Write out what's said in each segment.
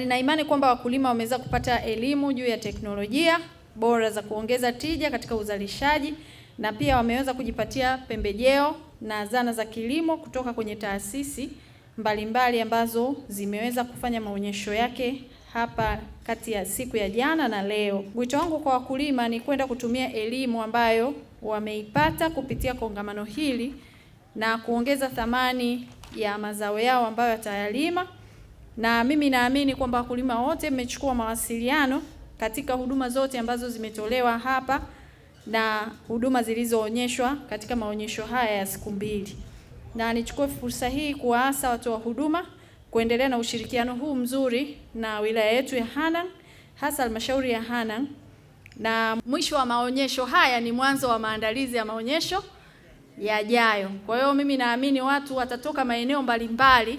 Nina imani kwamba wakulima wameweza kupata elimu juu ya teknolojia bora za kuongeza tija katika uzalishaji na pia wameweza kujipatia pembejeo na zana za kilimo kutoka kwenye taasisi mbalimbali mbali ambazo zimeweza kufanya maonyesho yake hapa kati ya siku ya jana na leo. Wito wangu kwa wakulima ni kwenda kutumia elimu ambayo wameipata kupitia kongamano hili na kuongeza thamani ya mazao yao ambayo watayalima na mimi naamini kwamba wakulima wote mmechukua mawasiliano katika huduma zote ambazo zimetolewa hapa na huduma zilizoonyeshwa katika maonyesho haya ya siku mbili, na nichukue fursa hii kuwaasa watoa huduma kuendelea na ushirikiano huu mzuri na wilaya yetu ya Hanang, hasa halmashauri ya Hanang. Na mwisho wa maonyesho haya ni mwanzo wa maandalizi ya maonyesho yajayo. Kwa hiyo mimi naamini watu watatoka maeneo mbalimbali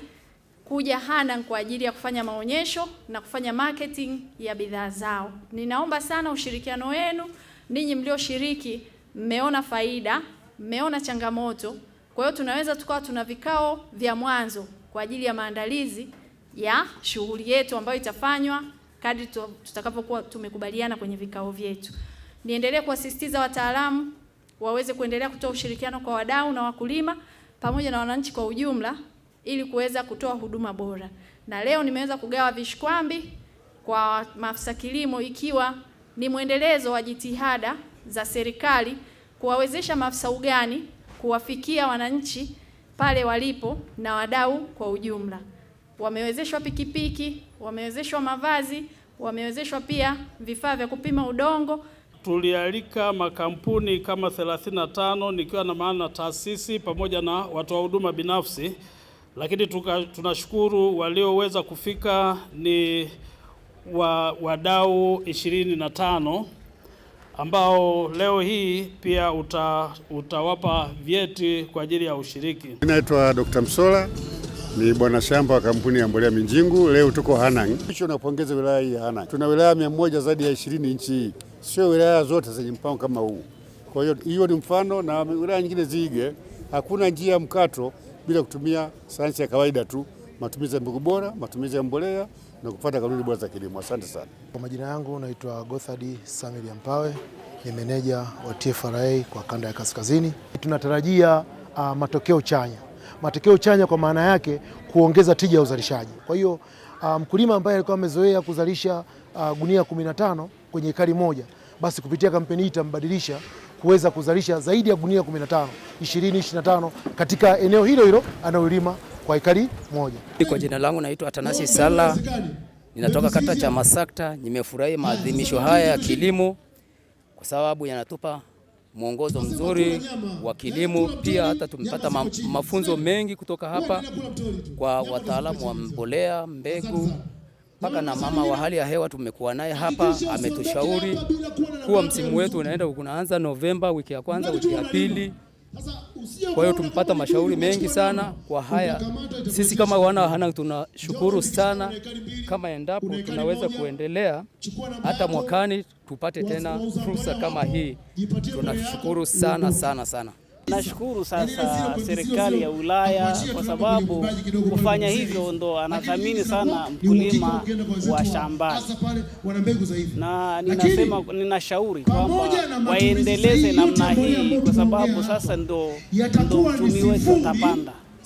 kuja Hanang kwa ajili ya kufanya maonyesho na kufanya marketing ya bidhaa zao. Ninaomba sana ushirikiano wenu, ninyi mlioshiriki, mmeona faida, mmeona changamoto. Kwa hiyo tunaweza tukawa tuna vikao vya mwanzo kwa ajili ya maandalizi ya shughuli yetu ambayo itafanywa kadri tutakapokuwa tumekubaliana kwenye vikao vyetu. Niendelee kuwasisitiza wataalamu waweze kuendelea kutoa ushirikiano kwa wadau na wakulima pamoja na wananchi kwa ujumla ili kuweza kutoa huduma bora. Na leo nimeweza kugawa vishkwambi kwa maafisa kilimo ikiwa ni mwendelezo wa jitihada za serikali kuwawezesha maafisa ugani kuwafikia wananchi pale walipo na wadau kwa ujumla. Wamewezeshwa pikipiki, wamewezeshwa mavazi, wamewezeshwa pia vifaa vya kupima udongo. Tulialika makampuni kama 35 nikiwa na maana taasisi pamoja na watoa huduma binafsi lakini tuka, tunashukuru walioweza kufika ni wa, wadau ishirini na tano ambao leo hii pia uta, utawapa vyeti kwa ajili ya ushiriki. Naitwa Dr. Msola ni bwana shamba wa kampuni ya mbolea Minjingu. Leo tuko Hanang. Hicho napongeza wilaya hii ya Hanang, tuna wilaya mia moja zaidi ya ishirini nchi hii, sio wilaya zote zenye mpango kama huu. Kwa hiyo hiyo ni mfano na wilaya nyingine ziige. Hakuna njia mkato bila kutumia sayansi ya kawaida tu, matumizi ya mbegu bora, matumizi ya mbolea na kufuata kanuni bora za kilimo. Asante sana. Kwa majina yangu naitwa Gothard Samuel Mpawe, ni meneja wa TFRA kwa kanda ya kaskazini. Tunatarajia uh, matokeo chanya, matokeo chanya kwa maana yake kuongeza tija ya uzalishaji. Kwa hiyo ah, mkulima ambaye alikuwa amezoea kuzalisha uh, gunia 15 kwenye ekari moja, basi kupitia kampeni hii itambadilisha kuweza kuzalisha zaidi ya gunia 15 20 25 katika eneo hilo hilo anayolima kwa ekari moja. Kwa jina langu naitwa Atanasi Sala, ninatoka kata cha Masakta. Nimefurahi maadhimisho haya ya kilimo kwa sababu yanatupa mwongozo mzuri wa kilimo, pia hata tumepata mafunzo mengi kutoka hapa kwa wataalamu wa mbolea, mbegu mpaka na mama wa hali ya hewa tumekuwa naye hapa, ametushauri kuwa msimu wetu unaenda kunaanza Novemba, wiki ya kwanza, wiki ya pili. Kwa hiyo tumpata mashauri mengi sana kwa haya. Sisi kama wana Hanang' tunashukuru sana, kama endapo tunaweza kuendelea hata mwakani tupate tena fursa kama hii, tunashukuru sana sana sana. Nashukuru sasa yaani serikali ya Ulaya kwa sababu kufanya hivyo ndo anathamini sana mkulima wa shambani, na ninasema ninashauri kwamba waendeleze namna hii kwa sababu sasa ndo ndo uchumi wetu utapanda.